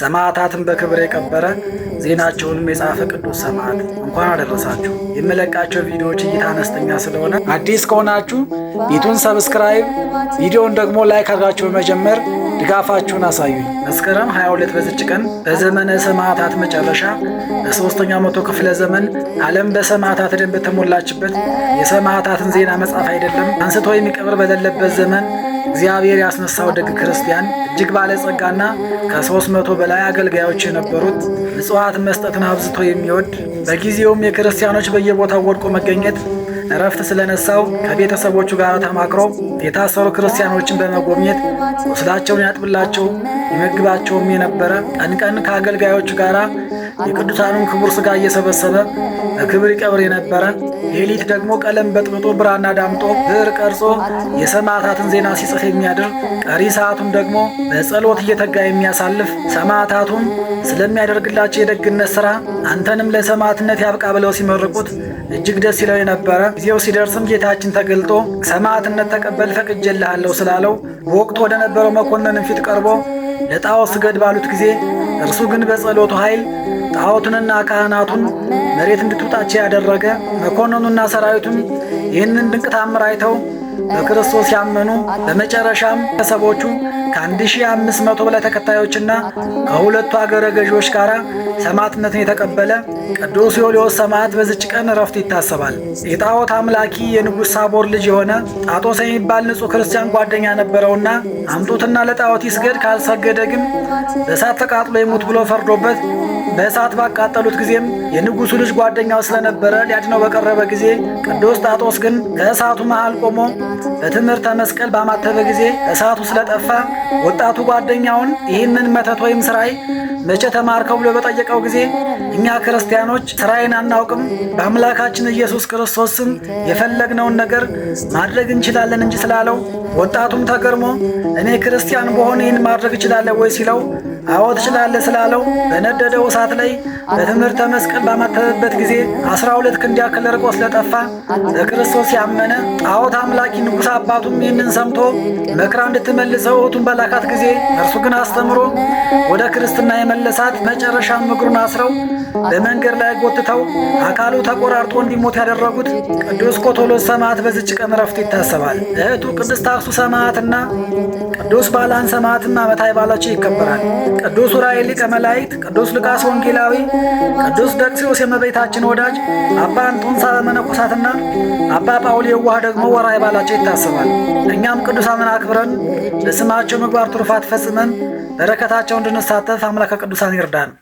ሰማዕታትን በክብር የቀበረ ዜናቸውንም የጻፈ ቅዱስ ሰማዕት እንኳን አደረሳችሁ። የምለቃቸው ቪዲዮዎች እይታ አነስተኛ ስለሆነ አዲስ ከሆናችሁ ቤቱን ሰብስክራይብ፣ ቪዲዮውን ደግሞ ላይክ አድርጋችሁ በመጀመር ድጋፋችሁን አሳዩኝ። መስከረም 22 በዝጭ ቀን በዘመነ ሰማዕታት መጨረሻ በሶስተኛ መቶ ክፍለ ዘመን ዓለም በሰማዕታት ደንብ በተሞላችበት የሰማዕታትን ዜና መጻፍ አይደለም አንስቶ የሚቀብር በሌለበት ዘመን እግዚአብሔር ያስነሳው ደግ ክርስቲያን እጅግ ባለጸጋና ከሦስት መቶ በላይ አገልጋዮች የነበሩት ምጽዋት መስጠትን አብዝቶ የሚወድ በጊዜውም የክርስቲያኖች በየቦታው ወድቆ መገኘት እረፍት ስለነሳው ከቤተሰቦቹ ጋር ተማክሮ የታሰሩ ክርስቲያኖችን በመጎብኘት ቁስላቸውን ያጥብላቸው ይመግባቸውም የነበረ ቀን ቀን ከአገልጋዮቹ ጋር የቅዱሳኑን ክቡር ሥጋ እየሰበሰበ በክብር ይቀብር የነበረ ሌሊት ደግሞ ቀለም በጥብጦ ብራና ዳምጦ ብዕር ቀርጾ የሰማዕታትን ዜና ሲጽፍ የሚያድር ቀሪ ሰዓቱን ደግሞ በጸሎት እየተጋ የሚያሳልፍ ሰማዕታቱን ስለሚያደርግላቸው የደግነት ሥራ አንተንም ለሰማዕትነት ያብቃ ብለው ሲመርቁት እጅግ ደስ ይለው የነበረ ጊዜው ሲደርስም ጌታችን ተገልጦ ሰማዕትነት ተቀበል ፈቅጄልሃለሁ ስላለው በወቅቱ ወደ ነበረው መኮንንም ፊት ቀርቦ ለጣዖት ስገድ ባሉት ጊዜ እርሱ ግን በጸሎቱ ኃይል ጣዖቱንና ካህናቱን መሬት እንድትውጣቸው ያደረገ መኮንኑና ሰራዊቱም ይህንን ድንቅ ታምር አይተው በክርስቶስ ያመኑ በመጨረሻም ሺህ ከ መቶ በላይ ተከታዮችና ከሁለቱ አገረ ገዢዎች ጋር ሰማዕትነትን የተቀበለ ቅዱስ ዮልዮስ ሰማዕት በዝጭ ቀን እረፍቱ ይታሰባል። የጣዖት አምላኪ የንጉሥ ሳቦር ልጅ የሆነ ጣጦስ የሚባል ንጹሕ ክርስቲያን ጓደኛ ነበረውና አምጡትና ለጣዖት ይስገድ፣ ካልሰገደ ግን በእሳት ተቃጥሎ ይሙት ብሎ ፈርዶበት በእሳት ባቃጠሉት ጊዜም የንጉሡ ልጅ ጓደኛው ስለነበረ ሊያድነው በቀረበ ጊዜ ቅዱስ ጣጦስ ግን ከእሳቱ መሃል ቆሞ በትምህርተ መስቀል ባማተበ ጊዜ እሳቱ ስለጠፋ ወጣቱ ጓደኛውን ይህንን መተት ወይም ስራይ መቼ ተማርከው ብሎ በጠየቀው ጊዜ እኛ ክርስቲያኖች ስራይን አናውቅም፣ በአምላካችን ኢየሱስ ክርስቶስ ስም የፈለግነውን ነገር ማድረግ እንችላለን እንጂ ስላለው ወጣቱም ተገርሞ እኔ ክርስቲያን በሆነ ይህን ማድረግ እችላለሁ ወይ ሲለው አዎ ትችላለህ ስላለው በነደደው እሳት ላይ በትምህርተ መስቀል ባማተበበት ጊዜ አስራ ሁለት ክንድ ያክል ርቆ ስለጠፋ በክርስቶስ ያመነ ጣዖት አምላኪ ንጉሥ አባቱም ይህንን ሰምቶ መክራ እንድትመልሰው እህቱን በላ በተላካት ጊዜ እርሱ ግን አስተምሮ ወደ ክርስትና የመለሳት መጨረሻ እግሩን አስረው በመንገድ ላይ ጎትተው አካሉ ተቆራርጦ እንዲሞት ያደረጉት ቅዱስ ቆቶሎስ ሰማዕት በዝጭ ቀን ረፍቱ ይታሰባል። እህቱ ቅድስት አክሱ ሰማዕትና ቅዱስ ባላን ሰማዕትም ዓመታዊ በዓላቸው ይከበራል። ቅዱስ ዑራኤል ሊቀ መላእክት፣ ቅዱስ ሉቃስ ወንጌላዊ፣ ቅዱስ ደቅሲዮስ የመቤታችን ወዳጅ፣ አባ እንጦንስ መነኮሳትና አባ ጳውል የዋህ ደግሞ ወርኃዊ በዓላቸው ይታሰባል። እኛም ቅዱሳንን አክብረን ለስማቸው በተግባር ትሩፋት ፈጽመን በረከታቸው እንድንሳተፍ አምላከ ቅዱሳን ይርዳን።